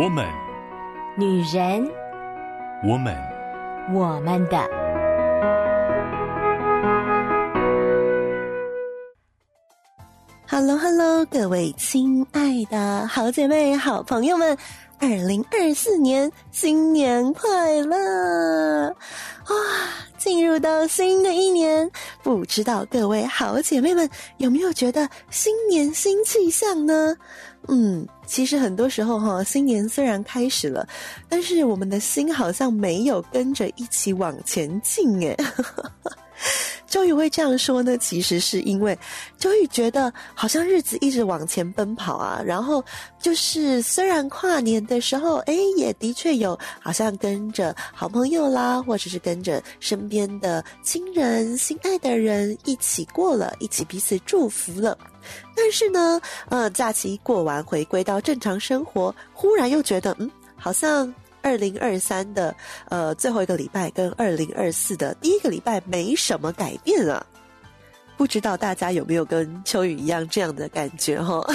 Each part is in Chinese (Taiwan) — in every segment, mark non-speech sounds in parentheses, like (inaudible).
我們，Woman，女人，我們，我們的。Hello，Hello，hello，各位親愛的好姐妹、好朋友們，二零二四年新年快樂！哇，進入到新的一年，不知道各位好姐妹們有沒有覺得新年新氣象呢？嗯，其實很多時候哈，新年雖然開始了，但是我們的心好像沒有跟着一起往前進，誒 (laughs) 周宇會這樣說呢，其實是因為周宇覺得好像日子一直往前奔跑啊，然後就是雖然跨年的時候，哎，也的確有好像跟着好朋友啦，或者是跟着身邊的親人、心愛的人一起過了，一起彼此祝福了，但是呢，呃，假期過完，回歸到正常生活，忽然又覺得，嗯，好像。二零二三的呃，最後一個禮拜跟二零二四的第一個禮拜沒什麼改變啊，不知道大家有沒有跟秋雨一樣這樣的感覺哈、哦，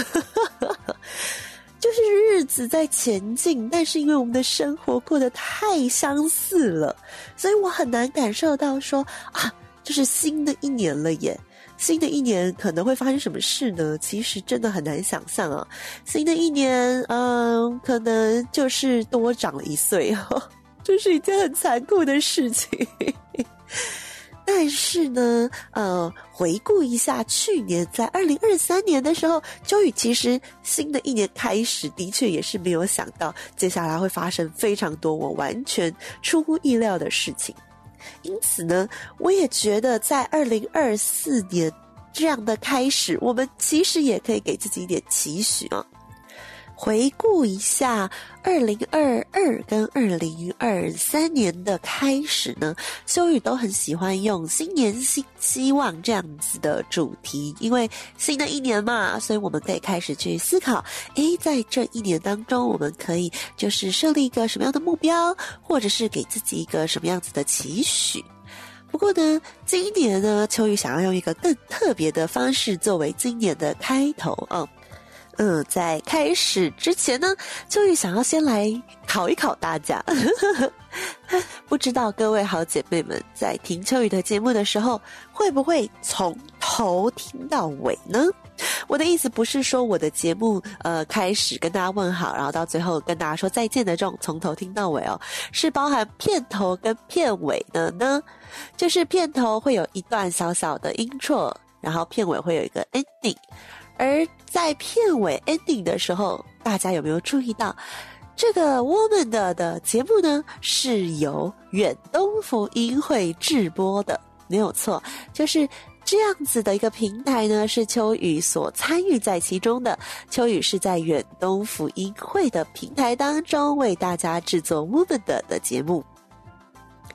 (laughs) 就是日子在前進，但是因為我們的生活過得太相似了，所以我很難感受到說啊，就是新的一年了耶。新的一年可能會發生什麼事呢？其實真的很難想象啊、哦！新的一年，嗯、呃，可能就是多長了一歲哦，這、就是一件很殘酷的事情。 (laughs) 但是呢，呃，回顧一下去年，在二零二三年的時候，周雨其實新的一年開始，的確也是沒有想到，接下來會發生非常多我完全出乎意料的事情。因此呢，我也覺得在二零二四年這樣的開始，我們其實也可以給自己一點期許啊。回顧一下，二零二二跟二零二三年的開始呢，秋雨都很喜歡用新年新希望這樣子的主題，因為新的一年嘛，所以我們可以開始去思考，誒，在這一年當中，我們可以就是設立一個什麼樣的目標，或者是給自己一個什麼樣子的期許。不過呢，今年呢，秋雨想要用一個更特別的方式作為今年的開頭啊、哦。嗯，在開始之前呢，秋雨想要先來考一考大家。 (laughs) 不知道各位好姐妹們在聽秋雨的節目的時候，會不會從頭聽到尾呢？我的意思不是說我的節目呃，開始跟大家問好，然後到最後跟大家說再見的這種從頭聽到尾哦，是包含片頭跟片尾的呢。就是片頭會有一段小小的 intro，然後片尾會有一個 ending。而在片尾 ending 的時候，大家有沒有注意到這個 woman 的的節目呢？是由遠東福音會制播的，沒有錯，就是這樣子的一個平台呢，是秋雨所參與在其中的。秋雨是在遠東福音會的平台當中為大家制作 woman 的的節目。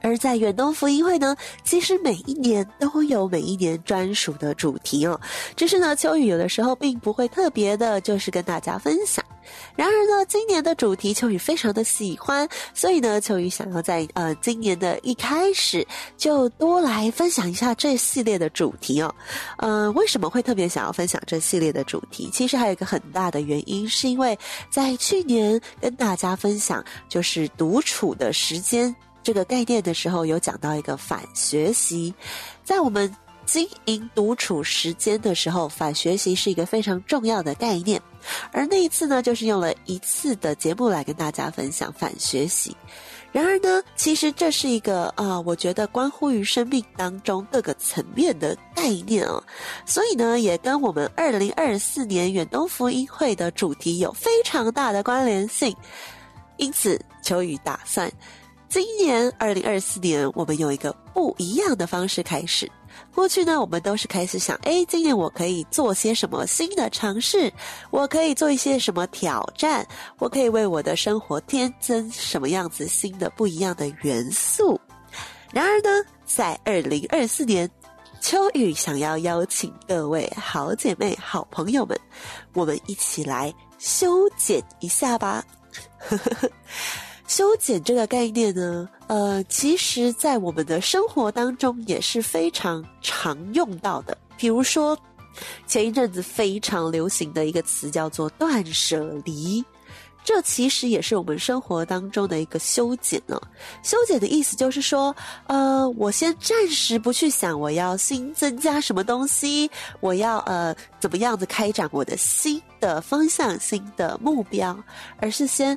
而在遠東福音會呢，其實每一年都有每一年專屬的主題哦。只是呢,秋雨有的時候並不會特別的，就是跟大家分享。然而呢，今年的主題秋雨非常的喜歡，所以呢，秋雨想要在呃今年的一開始就多來分享一下這系列的主題哦。嗯、呃，為什麼會特別想要分享這系列的主題？其實還有一個很大的原因，是因為在去年跟大家分享就是獨處的時間。這個概念的時候，有講到一個反學習，在我們經營獨處時間的時候，反學習是一個非常重要的概念。而那一次呢，就是用了一次的節目來跟大家分享反學習。然而呢，其實這是一個啊、呃，我覺得關乎於生命當中各個層面的概念哦。所以呢，也跟我們二零二四年遠東福音會的主題有非常大的關聯性。因此，求與打算。今年二零二四年，我們用一個不一樣的方式開始。過去呢，我們都是開始想：哎，今年我可以做些什麼新的嘗試？我可以做一些什麼挑戰？我可以為我的生活添增什麼樣子新的不一樣的元素？然而呢，在二零二四年，秋雨想要邀請各位好姐妹、好朋友們，我們一起來修剪一下吧。 (laughs) 修剪這個概念呢，呃，其實，在我們的生活當中也是非常常用到的。比如說，前一陣子非常流行的一個詞叫做“斷捨離”，這其實也是我們生活當中的一個修剪呢、哦。修剪的意思就是說，呃，我先暫時不去想我要新增加什麼東西，我要呃，怎麼樣子開展我的新的方向、新的目標，而是先。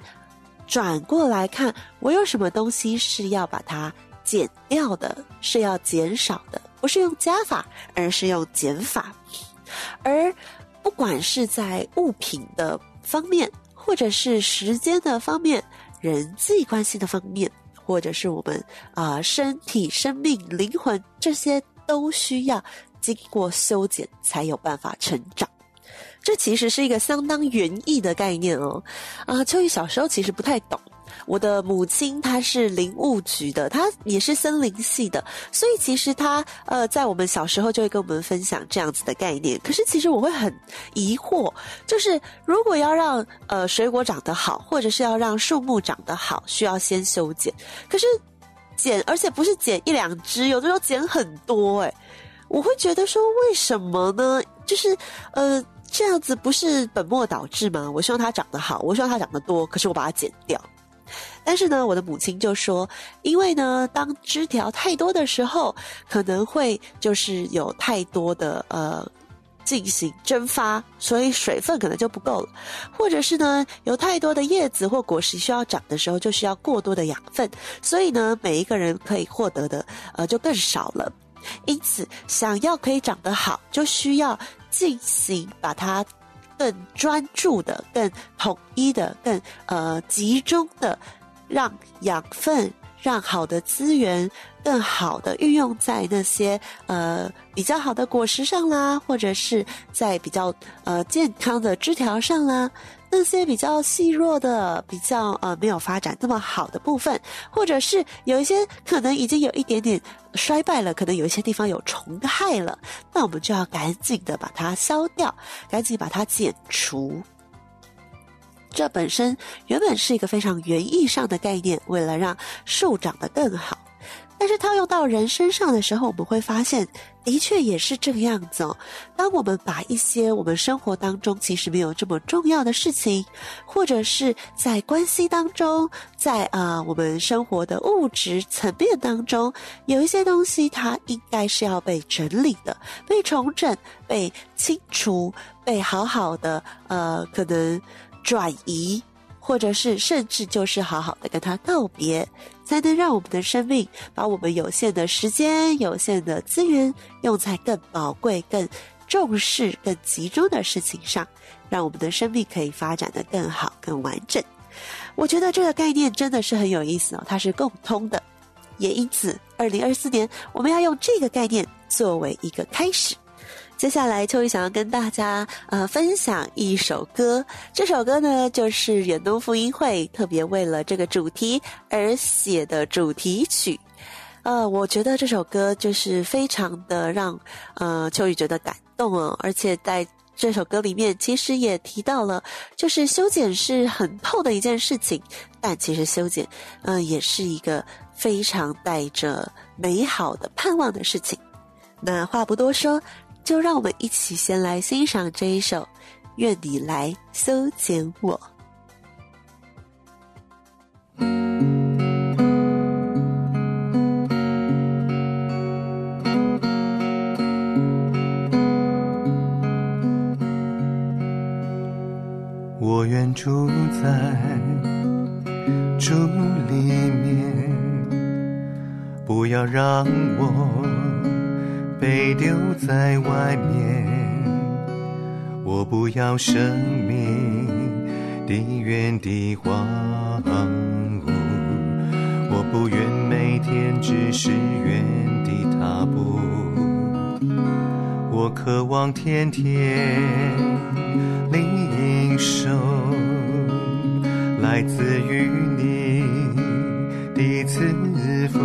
轉過來看，我有什麼東西是要把它減掉的，是要減少的，不是用加法，而是用減法。而不管是在物品的方面，或者是時間的方面，人際關係的方面，或者是我們啊、呃、身體、生命、靈魂這些，都需要經過修剪才有辦法成長。這其實是一個相當園藝的概念哦，啊、呃，秋雨小時候其實不太懂。我的母親她是林務局的，她也是森林系的，所以其實她呃，在我們小時候就會跟我們分享這樣子的概念。可是其實我會很疑惑，就是如果要讓呃水果長得好，或者是要讓樹木長得好，需要先修剪，可是剪，而且不是剪一兩枝，有的時候剪很多哎、欸，我會覺得說為什麼呢？就是呃。這樣子不是本末倒置嗎？我希望它長得好，我希望它長得多，可是我把它剪掉。但是呢，我的母親就說，因為呢，當枝條太多的時候，可能會就是有太多的呃進行蒸發，所以水分可能就不夠了，或者是呢，有太多的葉子或果實需要長的時候，就需要過多的養分，所以呢，每一個人可以獲得的呃就更少了。因此，想要可以長得好，就需要進行把它更專注的、更統一的、更呃集中的，讓養分。讓好的資源更好的運用在那些呃比較好的果實上啦，或者是在比較呃健康的枝條上啦，那些比較細弱的、比較呃沒有發展那麼好的部分，或者是有一些可能已經有一點點衰敗了，可能有一些地方有蟲害了，那我們就要趕緊的把它消掉，趕緊把它剪除。這本身原本是一個非常園藝上的概念，為了讓樹長得更好。但是套用到人身上的時候，我們會發現，的確也是這個樣子哦。當我們把一些我們生活當中其實沒有這麼重要的事情，或者是在關係當中，在啊、呃、我們生活的物質層面當中，有一些東西，它應該是要被整理的、被重整、被清除、被好好的呃可能。轉移，或者是甚至就是好好的跟他告別，才能讓我們的生命把我們有限的時間、有限的資源用在更寶貴、更重視、更集中的事情上，讓我們的生命可以發展得更好、更完整。我覺得這個概念真的是很有意思哦，它是共通的，也因此，二零二四年我們要用這個概念作為一個開始。接下來，秋雨想要跟大家呃分享一首歌，這首歌呢就是遠東福音會特別為了這個主題而寫的主題曲。呃，我覺得這首歌就是非常的讓呃秋雨覺得感動哦，而且在這首歌裡面，其實也提到了，就是修剪是很痛的一件事情，但其實修剪嗯、呃、也是一個非常帶着美好的盼望的事情。那話不多說。就讓我們一起先來欣賞這一首《願你來修剪我》。我願住在竹裡面，不要讓我，被丟在外面，我不要生命的原地荒蕪，我不願每天只是原地踏步，我渴望天天領受來自於你的賜福。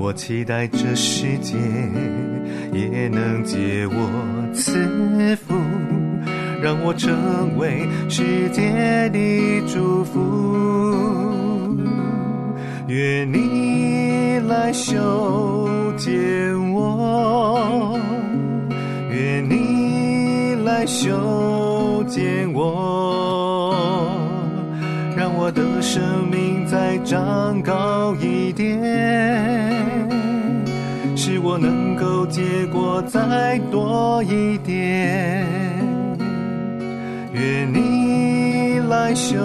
我期待這世界也能借我賜福，讓我成為世界的祝福。願你來修剪我，願你來修剪我，讓我的生命。長高一點，使我能夠結果再多一點。願你來修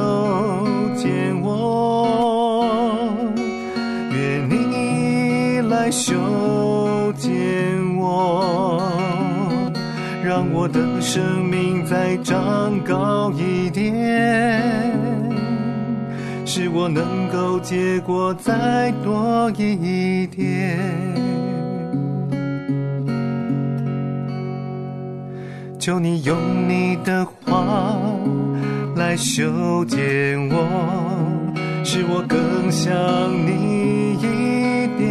剪我，願你來修剪我，讓我的生命再長高一點，使我能。夠，都結果再多一點。求你用你的話來修剪我，使我更想你一點。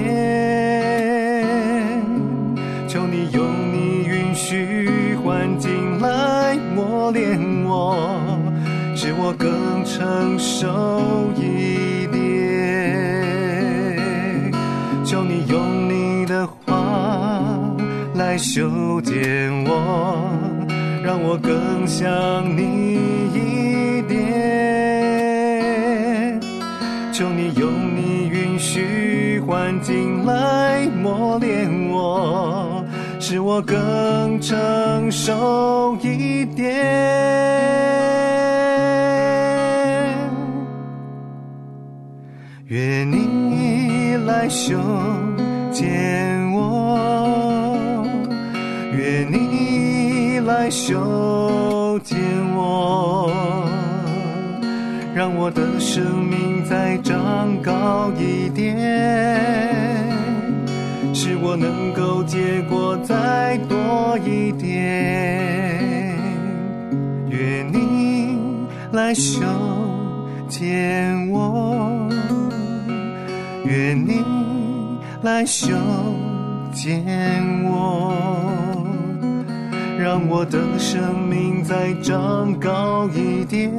求你用你允許環境來磨練我，使我更成熟。修剪我，讓我更像你一點。求你用你允許環境來磨練我，使我更成熟一點。願你來修剪。來修剪我，讓我的生命再長高一點，使我能夠結果再多一點。願你來修剪我，願你來修剪我。讓我的生命再長高一點，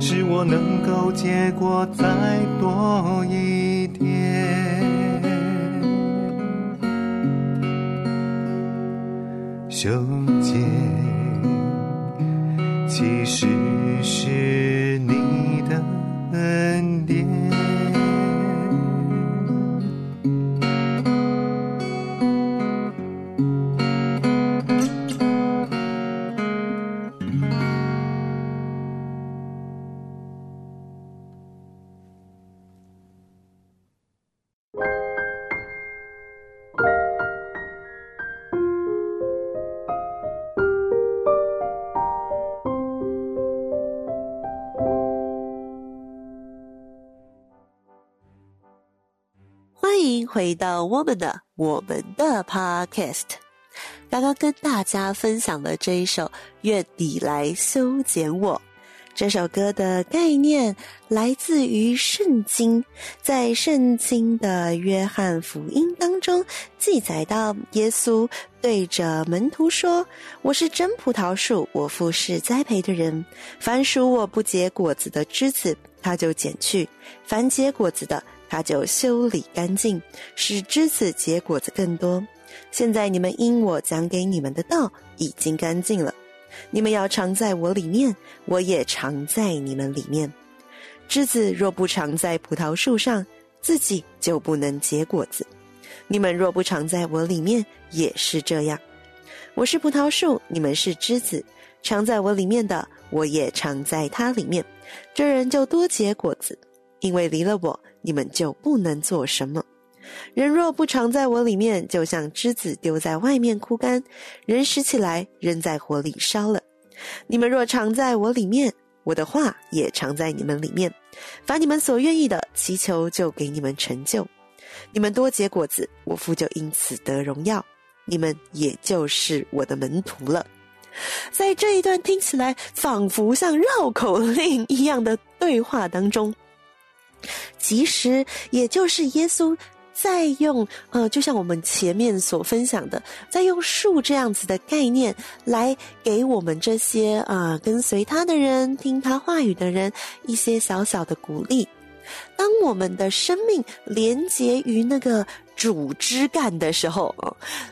使我能夠結果再多一點。修剪，其實。到我們的我們的 podcast，剛剛跟大家分享的這一首《願你來修剪我》這首歌的概念，來自於聖經，在聖經的約翰福音當中記載到，耶穌對着門徒說：“我是真葡萄樹，我父是栽培的人，凡屬我不結果子的枝子，他就剪去；凡結果子的。”他就修理乾淨，使枝子結果子更多。現在你們因我講給你們的道已經乾淨了，你們要常在我裡面，我也常在你們裡面。枝子若不常在葡萄樹上，自己就不能結果子；你們若不常在我裡面，也是這樣。我是葡萄樹，你們是枝子，常在我裡面的，我也常在他裡面。這人就多結果子。因為離了我，你們就不能做什麼。人若不常在我裡面，就像枝子丟在外面枯乾；人拾起來，扔在火裡燒了。你們若常在我裡面，我的話也常在你們裡面。凡你們所願意的，祈求就給你們成就。你們多結果子，我父就因此得榮耀；你們也就是我的門徒了。在這一段聽起來仿佛像繞口令一樣的對話當中，其實，也就是耶穌在用，呃，就像我們前面所分享的，在用樹這樣子的概念，來給我們這些啊、呃、跟隨他的人、聽他話語的人一些小小的鼓勵。當我們的生命連接於那個主枝幹的時候，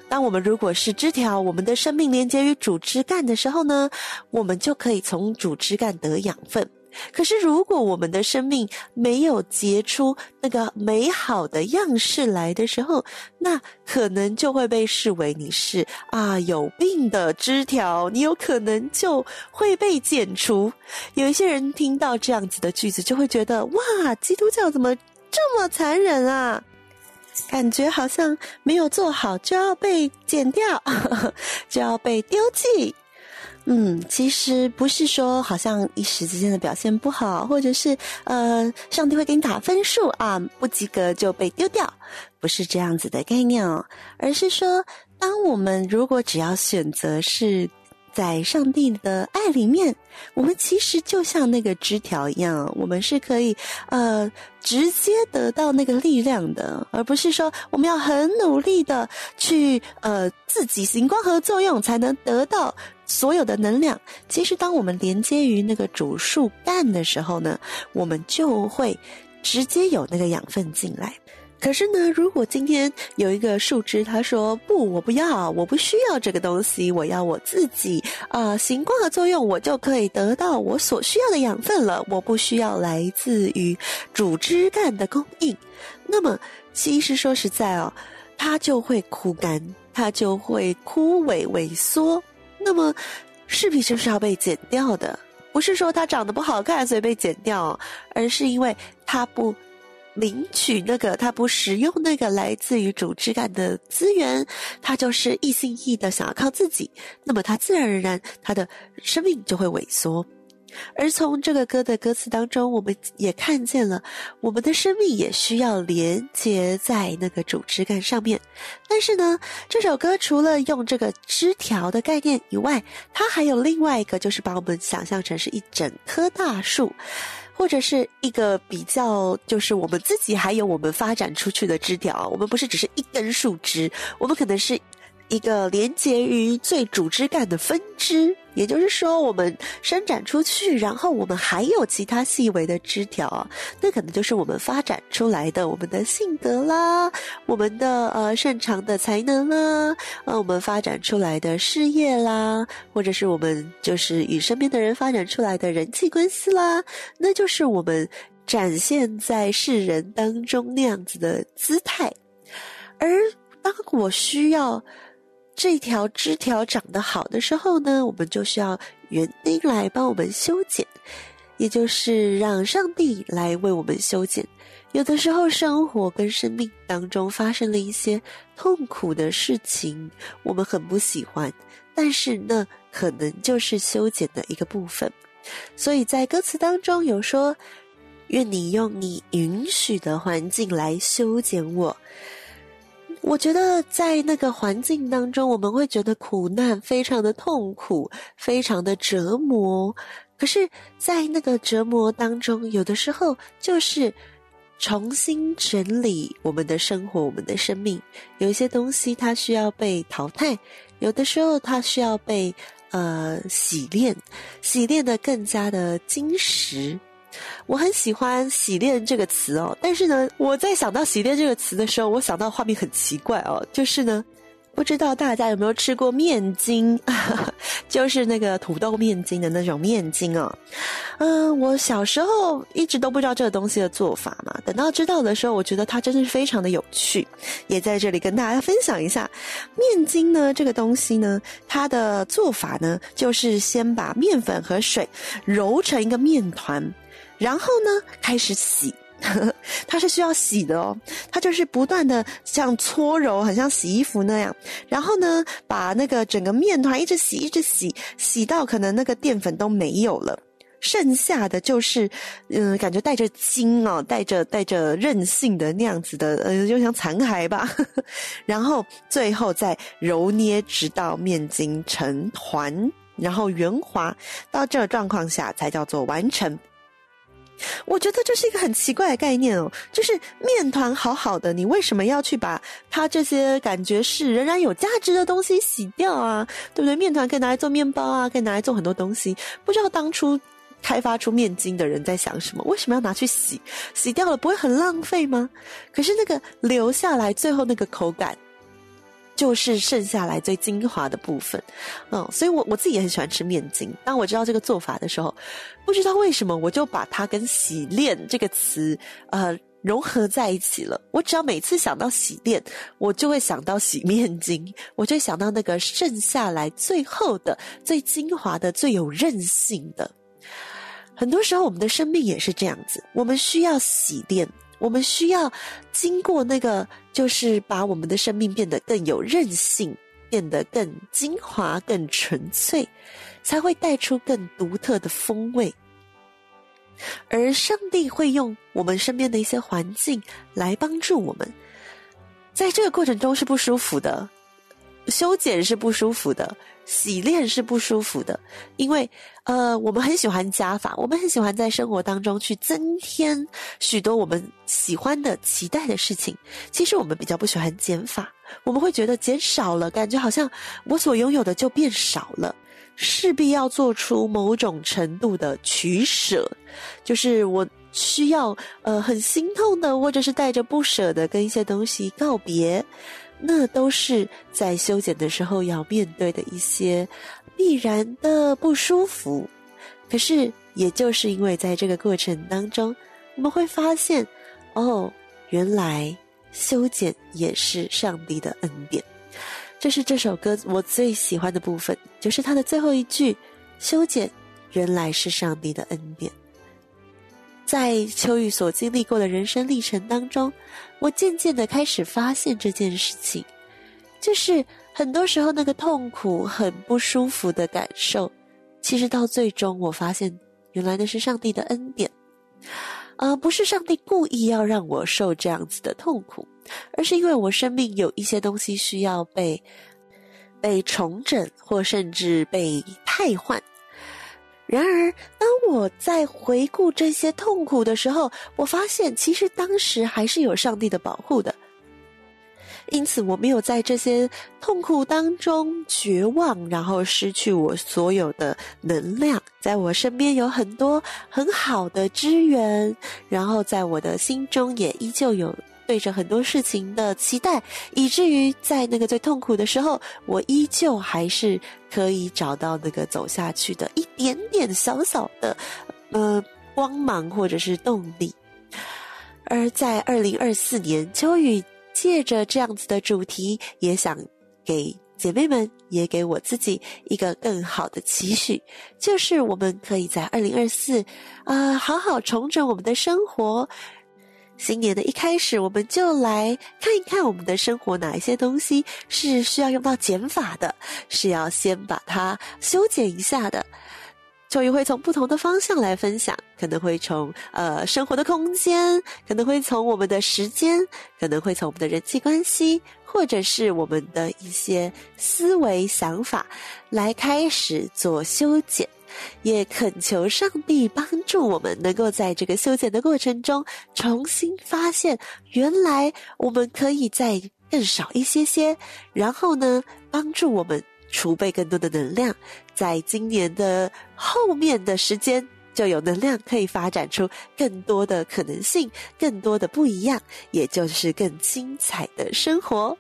當我們如果是枝條，我們的生命連接於主枝幹的時候呢，我們就可以從主枝幹得養分。可是，如果我們的生命沒有結出那個美好的樣式來的時候，那可能就會被視為你是啊有病的枝條，你有可能就會被剪除。有一些人聽到這樣子的句子，就會覺得哇，基督教怎麼這麼殘忍啊？感覺好像沒有做好就要被剪掉呵呵，就要被丟棄。嗯，其實不是說好像一時之間的表現不好，或者是呃，上帝會給你打分數啊，不及格就被丟掉，不是這樣子的概念哦。而是說，當我們如果只要選擇是在上帝的愛裡面，我們其實就像那個枝條一樣，我們是可以呃直接得到那個力量的，而不是說我們要很努力的去呃自己行光合作用才能得到。所有的能量，其實當我們連接於那個主樹幹的時候呢，我們就會直接有那個養分進來。可是呢，如果今天有一個樹枝，它說：“不，我不要，我不需要這個東西，我要我自己啊，行、呃、光合作用，我就可以得到我所需要的養分了，我不需要來自於主枝幹的供應。”那麼，其實說實在哦，它就會枯乾，它就會枯萎萎縮。那麼，勢必就是要被剪掉的。不是說它長得不好看所以被剪掉，而是因為它不領取那個，它不使用那個來自於主枝幹的資源，它就是一心一意的想要靠自己，那麼它自然而然它的生命就會萎縮。而從這個歌的歌詞當中，我們也看見了，我們的生命也需要連接在那個主枝幹上面。但是呢，這首歌除了用這個枝條的概念以外，它還有另外一個，就是把我們想象成是一整棵大樹，或者是一個比較，就是我們自己還有我們發展出去的枝條。我們不是只是一根樹枝，我們可能是一個連接於最主枝幹的分支。也就是說，我們伸展出去，然後我們還有其他細微的枝條，那可能就是我們發展出來的我們的性格啦，我們的呃擅長的才能啦，啊、呃，我們發展出來的事業啦，或者是我們就是與身邊的人發展出來的人際關係啦，那就是我們展現在世人當中那樣子的姿態。而當我需要。這條枝條長得好的時候呢，我們就需要園丁來幫我們修剪，也就是讓上帝來為我們修剪。有的時候，生活跟生命當中發生了一些痛苦的事情，我們很不喜歡，但是呢，可能就是修剪的一個部分。所以在歌詞當中有說：“願你用你允許的環境來修剪我。”我覺得在那個環境當中，我們會覺得苦難非常的痛苦，非常的折磨。可是，在那個折磨當中，有的時候就是重新整理我們的生活，我們的生命。有一些東西它需要被淘汰，有的時候它需要被呃洗練，洗練得更加的精實。我很喜歡“洗煉”這個詞哦，但是呢，我在想到“洗煉”這個詞的時候，我想到的畫面很奇怪哦，就是呢，不知道大家有沒有吃過麵筋， (laughs) 就是那個土豆麵筋的那種麵筋哦。嗯，我小時候一直都不知道這個東西的做法嘛，等到知道的時候，我覺得它真的是非常的有趣，也在這裡跟大家分享一下，麵筋呢，這個東西呢，它的做法呢，就是先把麵粉和水揉成一個麵團。然後呢，開始洗，呵呵，它是需要洗的哦。它就是不斷的像搓揉，很像洗衣服那樣。然後呢，把那個整個麵團一直洗，一直洗，洗到可能那個澱粉都沒有了，剩下的就是，嗯、呃，感覺帶着筋哦，帶着帶着韌性的那樣子的，呃，就像殘骸吧。呵呵，然後最後再揉捏，直到面筋成團，然後圓滑，到這個狀況下才叫做完成。我覺得這是一個很奇怪的概念哦，就是麵糰好好的，你為什麼要去把它這些感覺是仍然有價值的東西洗掉啊？對不對？麵糰可以拿來做麵包啊，可以拿來做很多東西。不知道當初開發出麵筋的人在想什麼，為什麼要拿去洗？洗掉了不會很浪費嗎？可是那個留下來最後那個口感。就是剩下來最精華的部分，嗯，所以我我自己也很喜歡吃麵筋。當我知道這個做法的時候，不知道為什麼，我就把它跟洗練這個詞，呃，融合在一起了。我只要每次想到洗練，我就會想到洗麵筋，我就想到那個剩下來最後的、最精華的、最有韌性的。很多時候，我們的生命也是這樣子，我們需要洗練。我們需要經過那個，就是把我們的生命變得更有韌性，變得更精華、更純粹，才會帶出更獨特的風味。而上帝會用我們身邊的一些環境來幫助我們，在這個過程中是不舒服的，修剪是不舒服的。洗練是不舒服的，因為呃，我們很喜歡加法，我們很喜歡在生活當中去增添許多我們喜歡的期待的事情。其實我們比較不喜歡減法，我們會覺得減少了，感覺好像我所擁有的就變少了，勢必要做出某種程度的取捨，就是我需要呃很心痛的，或者是帶着不捨的跟一些東西告別。那都是在修剪的時候要面對的一些必然的不舒服，可是也就是因為在這個過程當中，我們會發現哦，原來修剪也是上帝的恩典。這是這首歌我最喜歡的部分，就是它的最後一句：“修剪原來是上帝的恩典。”在秋雨所經歷過的人生歷程當中，我漸漸的開始發現這件事情，就是很多時候那個痛苦、很不舒服的感受，其實到最終我發現，原來那是上帝的恩典，啊、呃，不是上帝故意要讓我受這樣子的痛苦，而是因為我生命有一些東西需要被被重整，或甚至被汰換。然而，當我在回顧這些痛苦的時候，我發現其實當時還是有上帝的保護的。因此，我沒有在這些痛苦當中絕望，然後失去我所有的能量。在我身邊有很多很好的支援，然後在我的心中也依舊有。對着很多事情的期待，以至於在那個最痛苦的時候，我依舊還是可以找到那個走下去的一點點小小的呃光芒，或者是動力。而在二零二四年，秋雨借着這樣子的主題，也想給姐妹們，也給我自己一個更好的期許，就是我們可以在二零二四啊，好好重整我們的生活。新年的一開始，我們就來看一看我們的生活哪一些東西是需要用到減法的，是要先把它修剪一下的。終於會從不同的方向來分享，可能會從呃生活的空間，可能會從我們的時間，可能會從我們的人際關係，或者是我們的一些思維想法來開始做修剪。也懇求上帝幫助我們，能夠在這個修剪的過程中重新發現，原來我們可以再更少一些些。然後呢，幫助我們儲備更多的能量，在今年的後面的時間，就有能量可以發展出更多的可能性，更多的不一樣，也就是更精彩的生活。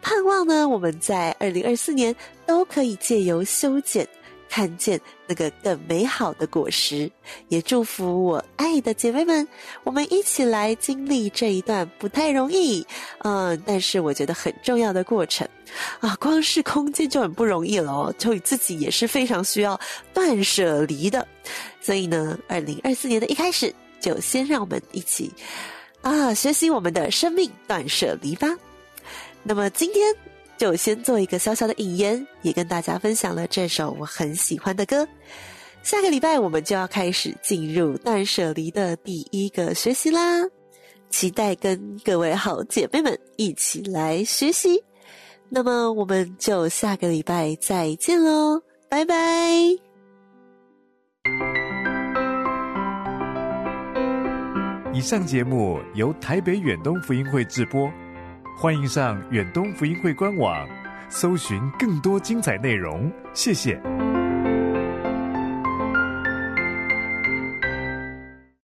盼望呢，我們在二零二四年都可以藉由修剪。看見那個更美好的果實，也祝福我愛的姐妹們。我們一起來經歷這一段不太容易，嗯、呃，但是我覺得很重要的過程啊！光是空間就很不容易了哦，就自己也是非常需要斷捨離的。所以呢，二零二四年的一開始，就先讓我們一起啊，學習我們的生命斷捨離吧。那麼今天，就先做一個小小的引言，也跟大家分享了這首我很喜歡的歌。下個禮拜我們就要開始進入斷捨離的第一個學習啦，期待跟各位好姐妹們一起來學習。那麼我們就下個禮拜再見嘍，拜拜。以上節目由台北遠東福音會製播。歡迎上遠東福音會官網，搜尋更多精彩內容。謝謝。